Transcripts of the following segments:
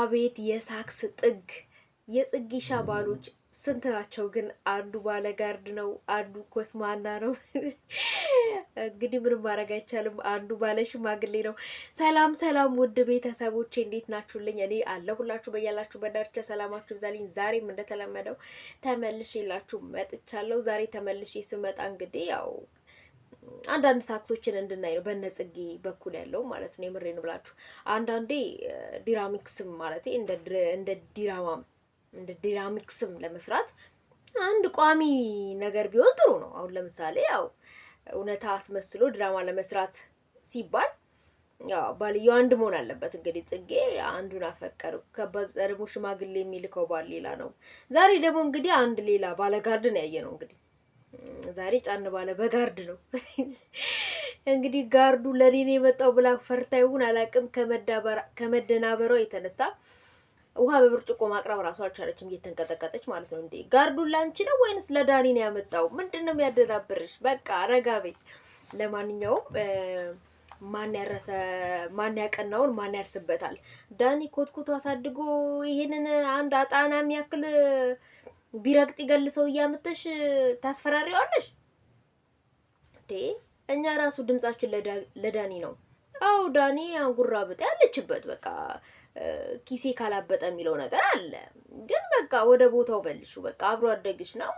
አቤት የሳክስ ጥግ! የጽጌሻ ባሎች ስንት ናቸው ግን? አንዱ ባለጋርድ ነው፣ አንዱ ኮስማና ነው። እንግዲህ ምንም ማድረግ አይቻልም። አንዱ ባለ ሽማግሌ ነው። ሰላም ሰላም፣ ውድ ቤተሰቦች እንዴት ናችሁልኝ? እኔ አለሁላችሁ በያላችሁ በዳርቻ ሰላማችሁ ይብዛልኝ። ዛሬም እንደተለመደው ተመልሼላችሁ መጥቻለሁ። ዛሬ ተመልሼ ስመጣ እንግዲህ ያው አንዳንድ ሳክሶችን እንድናይ ነው በነጽጌ በኩል ያለው ማለት ነው። የምሬን ብላችሁ አንዳንዴ ዲራሚክስም ማለት እንደ ዲራማም እንደ ዲራሚክስም ለመስራት አንድ ቋሚ ነገር ቢሆን ጥሩ ነው። አሁን ለምሳሌ ያው እውነታ አስመስሎ ድራማ ለመስራት ሲባል ያው ባልየው አንድ መሆን አለበት። እንግዲህ ጽጌ አንዱን አፈቀሩ ከበዛ ደግሞ ሽማግሌ የሚልከው ባል ሌላ ነው። ዛሬ ደግሞ እንግዲህ አንድ ሌላ ባለጋርድን ያየ ነው እንግዲህ ዛሬ ጫን ባለ በጋርድ ነው እንግዲህ ጋርዱ ለኔ የመጣው ብላ ፈርታ ይሁን አላቅም። ከመደናበሯ የተነሳ ውሃ በብርጭቆ ማቅረብ ራሱ አልቻለችም፣ እየተንቀጠቀጠች ማለት ነው። እንዴ ጋርዱን ላንቺ ነው ወይንስ ለዳኒ ነው ያመጣው? ምንድን ነው የሚያደናብርሽ? በቃ ረጋ በይ። ለማንኛውም ማን ያረሰ ማን ያቀናውን ማን ያርስበታል። ዳኒ ኮትኩቶ አሳድጎ ይሄንን አንድ አጣና የሚያክል ቢረግጥ ይገል ሰው እያመጠሽ ታስፈራሪዋለሽ እንዴ? እኛ ራሱ ድምጻችን ለዳኒ ነው። አው ዳኒ አንጉራ ብጤ ያለችበት በቃ ኪሴ ካላበጠ የሚለው ነገር አለ። ግን በቃ ወደ ቦታው መልሹ። በቃ አብሮ አደግሽ ነው።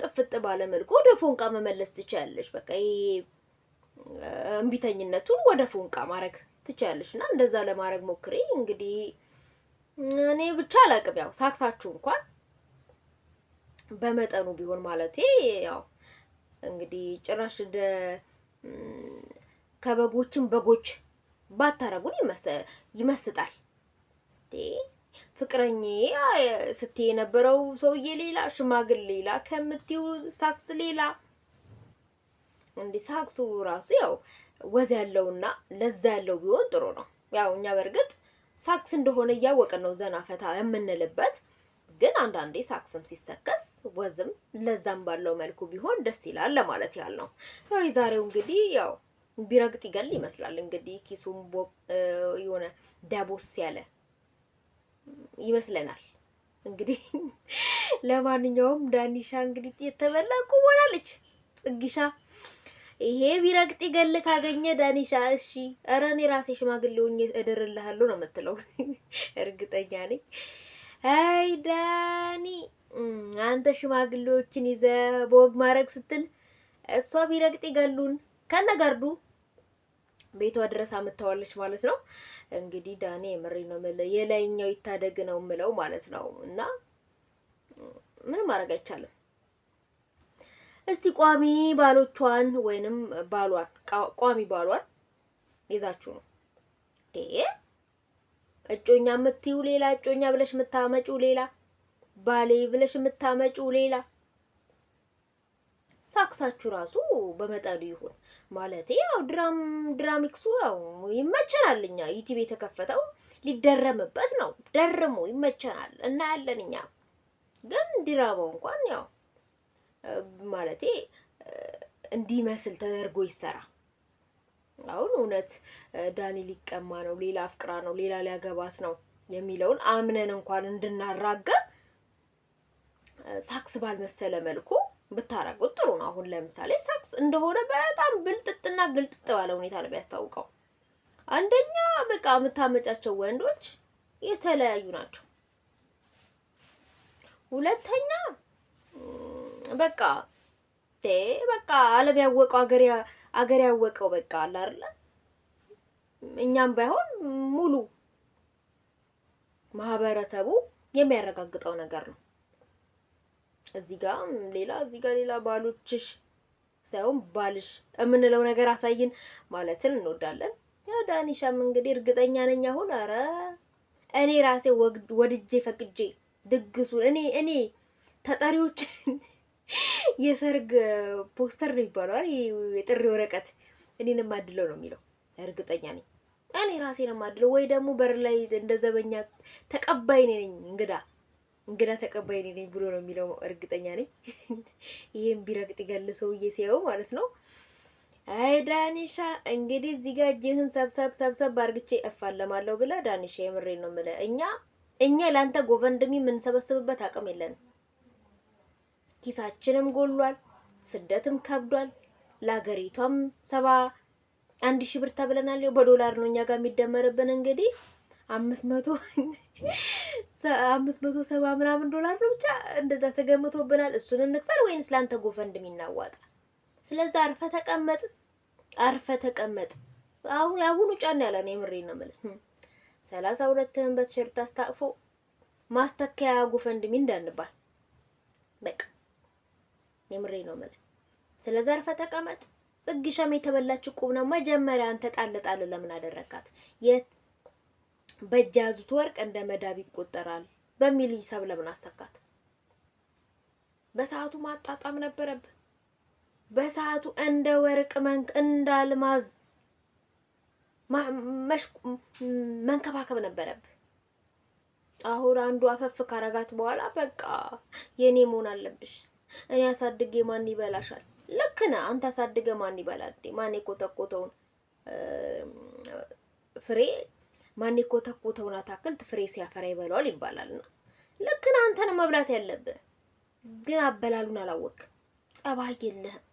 ጥፍጥ ባለ መልኩ ወደ ፎንቃ መመለስ ትችያለሽ። በቃ ይሄ እምቢተኝነቱን ወደ ፎንቃ ማድረግ ትችያለሽ። እና እንደዛ ለማድረግ ሞክሪ። እንግዲህ እኔ ብቻ አላቅም። ያው ሳክሳችሁ እንኳን በመጠኑ ቢሆን ማለት ያው እንግዲህ ጭራሽ ከበጎችን በጎች ባታረጉን ይመስጣል። ፍቅረኛ ስትይ የነበረው ሰውዬ ሌላ፣ ሽማግሌ ሌላ፣ ከምትዩ ሳክስ ሌላ። እንዲህ ሳክሱ ራሱ ያው ወዝ ያለውና ለዛ ያለው ቢሆን ጥሩ ነው። ያው እኛ በእርግጥ ሳክስ እንደሆነ እያወቅን ነው ዘና ፈታ የምንልበት ግን አንዳንዴ ሳክስም ሲሰከስ ወዝም ለዛም ባለው መልኩ ቢሆን ደስ ይላል ለማለት ያህል ነው። ያው የዛሬው እንግዲህ ያው ቢረግጥ ይገል ይመስላል እንግዲህ ኪሱም የሆነ ደቦስ ያለ ይመስለናል። እንግዲህ ለማንኛውም ዳኒሻ እንግዲህ የተበላ ቁሞናለች ጽጊሻ ይሄ ቢረግጥ ይገል ካገኘ ዳኒሻ እሺ፣ ኧረ እኔ ራሴ ሽማግሌ ሆኜ እድርልሃለሁ ነው የምትለው እርግጠኛ ነኝ። አይ ዳኒ፣ አንተ ሽማግሌዎችን ይዘ በወግ ማድረግ ስትል እሷ ቢረግጥ ይገሉን ከነጋርዱ ቤቷ ድረስ አምጥተዋለች ማለት ነው። እንግዲህ ዳኒ የምሬ ነው የምልህ የላይኛው ይታደግ ነው ምለው ማለት ነው። እና ምን ማድረግ አይቻልም። እስቲ ቋሚ ባሎቿን ወይንም ባሏን ቋሚ ባሏን ይዛችሁ ነው እጮኛ የምትዩ ሌላ፣ እጮኛ ብለሽ የምታመጪው ሌላ፣ ባሌ ብለሽ የምታመጩው ሌላ። ሳክሳችሁ ራሱ በመጠኑ ይሁን ማለት ያው ድራም ድራሚክሱ ያው ይመቸናል። እኛ ዩቲብ የተከፈተው ሊደረምበት ነው። ደርሞ ይመቸናል እና ያለን እኛ ግን ድራማው እንኳን ያው ማለቴ እንዲመስል ተደርጎ ይሰራ። አሁን እውነት ዳኒ ሊቀማ ነው፣ ሌላ አፍቅራ ነው፣ ሌላ ሊያገባት ነው የሚለውን አምነን እንኳን እንድናራገብ ሳክስ ባልመሰለ መልኩ ብታረጉት ጥሩ ነው። አሁን ለምሳሌ ሳክስ እንደሆነ በጣም ብልጥጥና ግልጥጥ ባለ ሁኔታ ነው የሚያስታውቀው። አንደኛ በቃ የምታመጫቸው ወንዶች የተለያዩ ናቸው። ሁለተኛ በቃ በቃ ዓለም ያወቀው አገር ያወቀው በቃ አለ አይደለ? እኛም ባይሆን ሙሉ ማህበረሰቡ የሚያረጋግጠው ነገር ነው። እዚህ ጋር ሌላ እዚህ ጋር ሌላ ባሎችሽ ሳይሆን ባልሽ የምንለው ነገር አሳይን ማለትን እንወዳለን። ያው ዳኒሻም እንግዲህ እርግጠኛ ነኝ አሁን አረ እኔ ራሴ ወድጄ ፈቅጄ ድግሱን እኔ እኔ ተጠሪዎችን የሰርግ ፖስተር ነው ይባለዋል። የጥሪ ወረቀት እኔን የማድለው ነው የሚለው እርግጠኛ ነኝ። እኔ ራሴን የማድለው ወይ ደግሞ በር ላይ እንደ ዘበኛ ተቀባይ ነኝ እንግዳ እንግዳ ተቀባይ ነኝ ብሎ ነው የሚለው እርግጠኛ ነኝ። ይሄን ቢረግጥ ይገል ሰውዬ ሲያየው ማለት ነው። አይ ዳኒሻ እንግዲህ እዚህ ጋር እጅህን ሰብሰብ ሰብሰብ አርግቼ እፋለማለሁ ብላ ዳኒሻ፣ የምሬ ነው የምልህ እኛ እኛ ለአንተ ጎፈንድሚ የምንሰበስብበት አቅም የለንም። ኪሳችንም ጎሏል፣ ስደትም ከብዷል። ለሀገሪቷም ሰባ አንድ ሺህ ብር ተብለናል። በዶላር ነው እኛ ጋር የሚደመርብን እንግዲህ አምስት መቶ አምስት መቶ ሰባ ምናምን ዶላር ነው ብቻ እንደዛ ተገምቶብናል። እሱን እንክፈል ወይንስ ለአንተ ጎፈንድ የሚናዋጣ? ስለዚ አርፈ ተቀመጥ፣ አርፈ ተቀመጥ። አሁን አሁኑ ጫን ያለ ነው። የምሬ ነው የምልህ ሰላሳ ሁለትህን በቲሸርት አስታቅፎ ማስተካያ ጎፈንድሚ እንዳንባል በቃ የምሬ ነው የምልህ። ስለ ዘርፈ ተቀመጥ ጥግሻም የተበላች ቁም ነው። መጀመሪያ አንተ ጣል ጣል ለምን አደረካት? በእጅ ያዙት ወርቅ እንደ መዳብ ይቆጠራል በሚል ሂሳብ ለምን አሰካት? በሰዓቱ ማጣጣም ነበረብህ። በሰዓቱ እንደ ወርቅ መንክ እንደ አልማዝ መንከባከብ ነበረብህ። አሁን አንዱ አፈፍ ካረጋት በኋላ በቃ የኔ መሆን አለብሽ እኔ አሳድጌ ማን ይበላሻል? ልክ ነህ አንተ አሳድገ ማን ይበላል? ማን የኮተኮተውን ፍሬ ማን የኮተኮተውን አታክልት ፍሬ ሲያፈራ ይበላዋል ይባላልና ልክ ነህ አንተን መብላት ያለብህ ግን አበላሉን አላወቅ ጸባይ የለህም።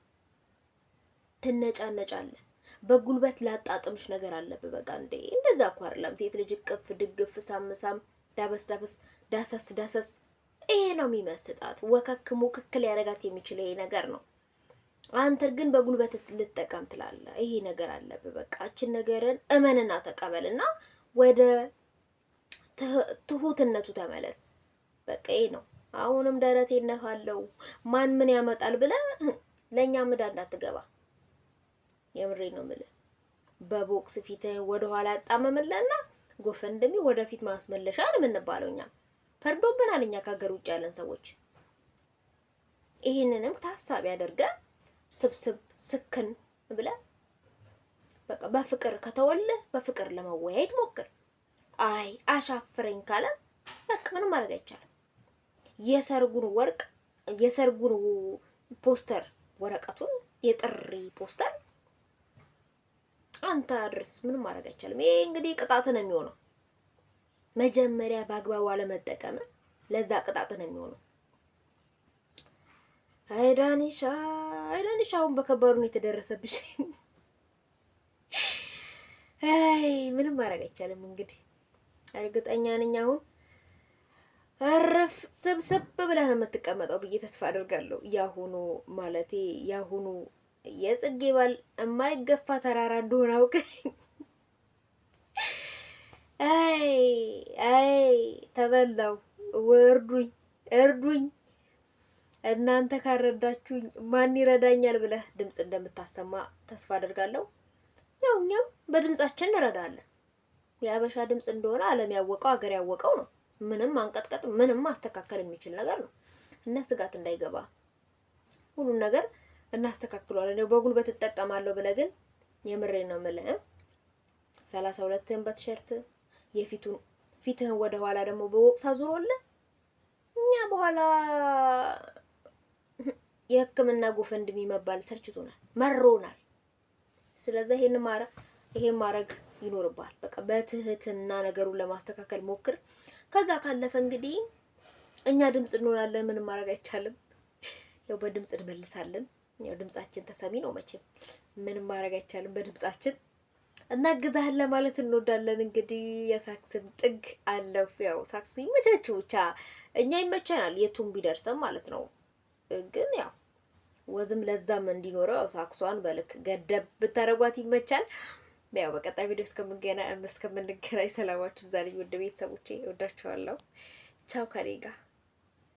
ትነጫነጫለህ። በጉልበት ላጣጥምሽ ነገር አለብህ። በቃ እንዴ እንደዛ እኮ አይደለም ሴት ልጅ ቅፍ ድግፍ ሳም ሳም ዳበስ ዳበስ ዳሰስ ዳሰስ ይሄ ነው የሚመስጣት። ወከክ ሙክክል ያደርጋት የሚችል ይሄ ነገር ነው። አንተ ግን በጉልበት ልጠቀም ትላለህ። ይሄ ነገር አለብህ። በቃ እችን ነገርን እመንና ተቀበልና ወደ ትሁትነቱ ተመለስ። በቃ ይሄ ነው። አሁንም ደረቴ እነፋለሁ ማን ምን ያመጣል ብለህ ለእኛ ምዳ እንዳትገባ። የምሬ ነው የምልህ። በቦክስ ፊት ወደኋላ ያጣመምለና ጎፈንድሚ ወደፊት ማስመለሻ ነው የምንባለው ፈርዶብናል። እኛ ከሀገር ውጭ ያለን ሰዎች ይህንንም ታሳቢ አድርገ ስብስብ ስክን ብለ በቃ በፍቅር ከተወለ በፍቅር ለመወያየት ሞክር። አይ አሻፍረኝ ካለ በቃ ምንም ማድረግ አይቻልም። የሰርጉን ወርቅ የሰርጉን ፖስተር ወረቀቱን የጥሪ ፖስተር አንተ አድርስ። ምንም ማድረግ አይቻልም። ይሄ እንግዲህ ቅጣት ነው የሚሆነው። መጀመሪያ በአግባቡ አለመጠቀም ለዛ ቅጣት ነው የሚሆነው። አይዳኒሻ አይዳኒሻ፣ አሁን በከባዱ ነው የተደረሰብሽ። አይ ምንም ማድረግ አይቻልም። እንግዲህ እርግጠኛ ነኝ አሁን እርፍ ስብስብ ብላ ነው የምትቀመጠው ብዬ ተስፋ አድርጋለሁ። ያሁኑ ማለቴ ያሁኑ የጽጌ ባል የማይገፋ ተራራ እንደሆነ አውቀኝ አይ አይ ተበላው፣ እርዱኝ፣ እርዱኝ እናንተ ካረዳችሁኝ ማን ይረዳኛል ብለህ ድምፅ እንደምታሰማ ተስፋ አደርጋለሁ። ያው እኛም በድምጻችን እንረዳለን። የአበሻ ድምፅ እንደሆነ ዓለም ያወቀው አገር ያወቀው ነው። ምንም አንቀጥቀጥ፣ ምንም ማስተካከል የሚችል ነገር ነው እና ስጋት እንዳይገባ ሁሉን ነገር እናስተካክሏለን። በጉልበት እጠቀማለሁ ብለህ ግን የምሬ ነው የምልህ ሰላሳ ሁለትን በትሸርት የፊቱን ፊትህን ወደ ኋላ ደግሞ በወቅሳ ዙሮልህ እኛ በኋላ የህክምና ጎፈንድሚ መባል ሰልችቶናል፣ መሮናል። ስለዚ ይሄን ማረ ይሄን ማረግ ይኖርብሃል። በቃ በትህትና ነገሩን ለማስተካከል ሞክር። ከዛ ካለፈ እንግዲህ እኛ ድምፅ እንሆናለን። ምንም ማድረግ አይቻልም። ያው በድምፅ እንመልሳለን። ያው ድምጻችን ተሰሚ ነው መቼም፣ ምንም ማድረግ አይቻልም በድምጻችን እናግዛህን ለማለት እንወዳለን። እንግዲህ የሳክስን ጥግ አለፍ። ያው ሳክስ ይመቻችሁ ብቻ እኛ ይመቸናል፣ የቱም ቢደርስም ማለት ነው። ግን ያው ወዝም ለዛም እንዲኖረው ሳክሷን በልክ ገደብ ብታደርጓት ይመቻል። ያው በቀጣይ ቪዲዮ እስከምንገና እስከምንገናኝ ሰላማችሁ ብዛልኝ። ውድ ቤተሰቦቼ እወዳችኋለሁ። ቻው ከኔ ጋር